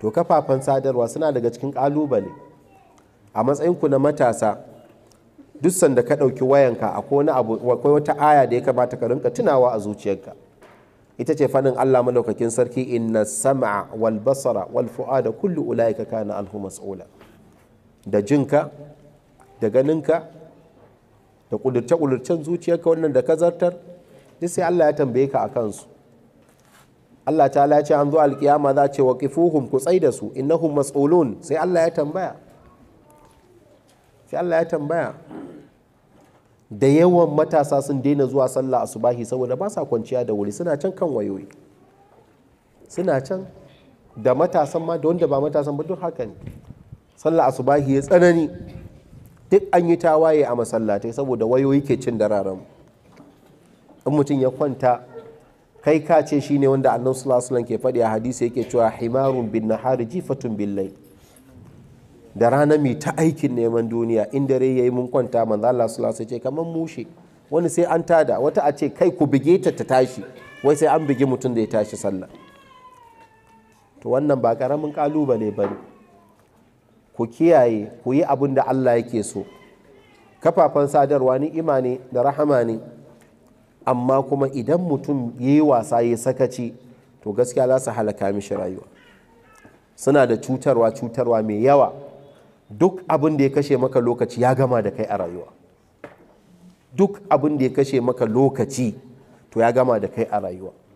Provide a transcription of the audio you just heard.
to kafafen sadarwa suna daga cikin kalubale a matsayinku na matasa duk sanda ka ɗauki wayanka akwai wata aya da ya kamata ka rinka tunawa a zuciyarka ita ce fanin Allah malaukakin sarki inna sama wal basara wal fu'ada kullu ulaika kana alhu mas'ula da jinka da ganinka da kudurce-kudurcen zuciyarka wannan da ka zartar duk sai Allah ya tambaye ka a kansu Allah ta ya an zo alkiyama za ce waqifuhum ku tsai da su innahum mas'ulun sai Allah ya tambaya sai Allah ya tambaya da yawan matasa sun daina zuwa sallah asubahi saboda ba sa kwanciya da wuri suna can kan wayoyi suna can da matasan ma da wanda ba matasan ba duk haka ne sallah asubahi ya tsanani duk an yi tawaye a masallatai saboda wayoyi ke cin dararen in mutum ya kwanta kai ka ce shi ne wanda annan sulasulan ke faɗi a hadisi yake cewa himarun bin nahari jifatun billai da rana mai ta aikin neman duniya in ya yi mun kwanta man Allah sallallahu ce kaman mushe wani sai an tada wata a ce kai ku bige ta ta tashi wai sai an bigi mutum da ya tashi sallah to wannan ba karamin kalubale bane ku kiyaye ku yi abin da Allah yake so kafafen sadarwa ni imani da rahama ne amma kuma idan mutum ya yi wasa ya sakaci to gaskiya za su halaka mishi rayuwa suna da cutarwa cutarwa mai yawa duk abin da ya kashe maka lokaci ya gama da kai a rayuwa duk abin da ya kashe maka lokaci to ya gama da kai a rayuwa